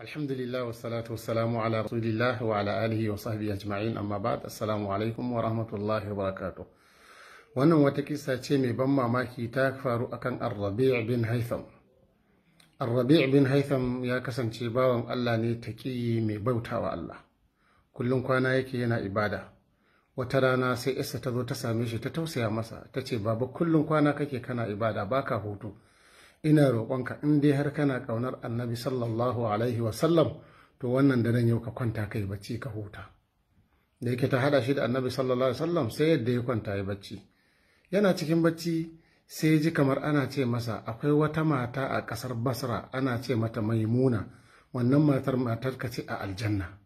alhamdulillah wa salatu wa salamu ala rasulillah wa ala alihi wa sahbihi ajma'in amma ba'd assalamu alaikum wa rahmatullahi wa wannan wata kisa ce mai ban mamaki ta faru akan kan rabi bin haitham ar bin haitham ya kasance bawan Allah ne ta taqi mai bautawa Allah kullum kwana yake yana ibada wata rana sai Isa ta zo ta same shi ta tausaya masa ta ce baba kullum kwana kake kana ibada baka hutu ina roƙonka in dai har kana ƙaunar annabi sallallahu alaihi wasallam to wannan daren yau ka kwanta kai bacci ka huta da yake ta haɗa shi da annabi sallallahu alaihi wasallam sai yadda ya kwanta ya bacci yana cikin bacci sai ji kamar ana ce masa akwai wata mata a ƙasar basra ana ce mata maimuna wannan matar matar ka ce a aljanna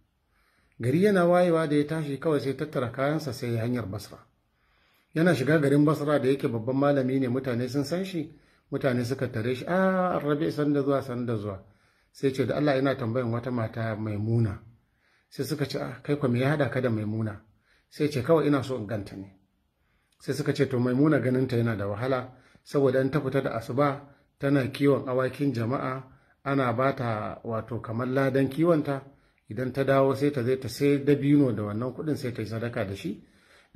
gari yana wayewa da ya tashi kawai sai tattara kayansa sai ya hanyar basra yana shiga garin basra da yake babban malami ne mutane sun san shi mutane suka tare shi a ah, rabe san da zuwa san da zuwa sai ce da Allah yana tambayan wata mata mai muna. sai suka ce ah, kai kuma me ya hada ka da mai muna? sai ce kawai ina so in ganta ne sai suka ce to mai muna ganin ta yana da wahala saboda an ta fita da asuba tana kiwon awakin jama'a ana ba ta wato kamar ladan ta. idan ta dawo sai ta zai ta sai dabino da wannan kuɗin sai ta yi sadaka da shi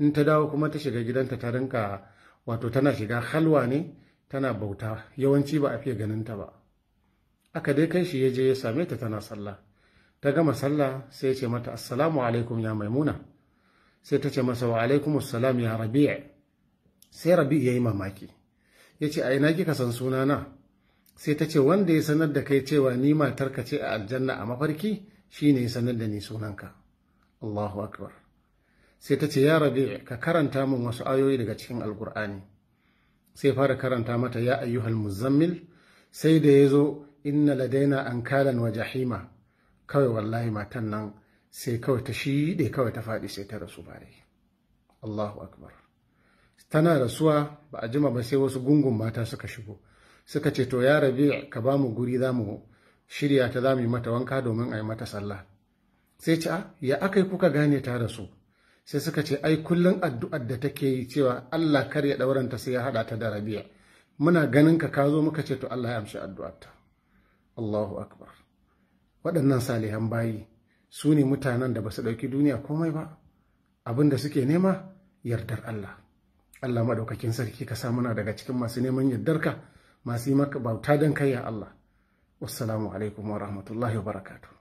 in ta dawo kuma ta shiga gidanta ta rinka wato tana shiga halwa ne tana bauta yawanci ba a fiye ganin ta ba aka dai kai shi ya je ya same ta tana sallah ta gama sallah sai ya ce mata assalamu alaikum ya maimuna sai ta ce masa wa alaikum assalam ya rabi'a sai rabi ya yi mamaki ya ce a ina kika san sunana sai ta ce wanda ya sanar da kai cewa ni matarka ce a aljanna a mafarki shine ya sanar da ni sunanka Allahu akbar sai ta ce ya rabi ka karanta min wasu ayoyi daga cikin alkur'ani sai fara karanta mata ya ayyuhal muzammil sai da ya zo inna ladaina an kalan wa jahima kawai wallahi matan nan sai kawai ta shiɗe kawai ta faɗi sai ta rasu bare Allahu akbar tana rasuwa ba a jima ba sai wasu gungun mata suka shigo suka ce to ya rabi ka ba mu guri za mu shirya ta za mu yi mata wanka domin a yi mata sallah sai ce ah, ya aka yi kuka gane ta rasu sai suka ce ai kullum addu'ar da take yi cewa Allah kar ya ɗauranta sai ya haɗa ta da rabi'a muna ganin ka ka zo muka ce to Allah ya amshi addu'arta Allahu akbar waɗannan salihan bayi su ne mutanen da ba su ɗauki duniya komai ba abin da suke nema yardar Allah Allah maɗaukakin sarki ka sa muna daga cikin masu neman yardar ka, masu yi maka bauta dan kai ya Allah wassalamu alaikum wa rahmatullahi wa barakatuh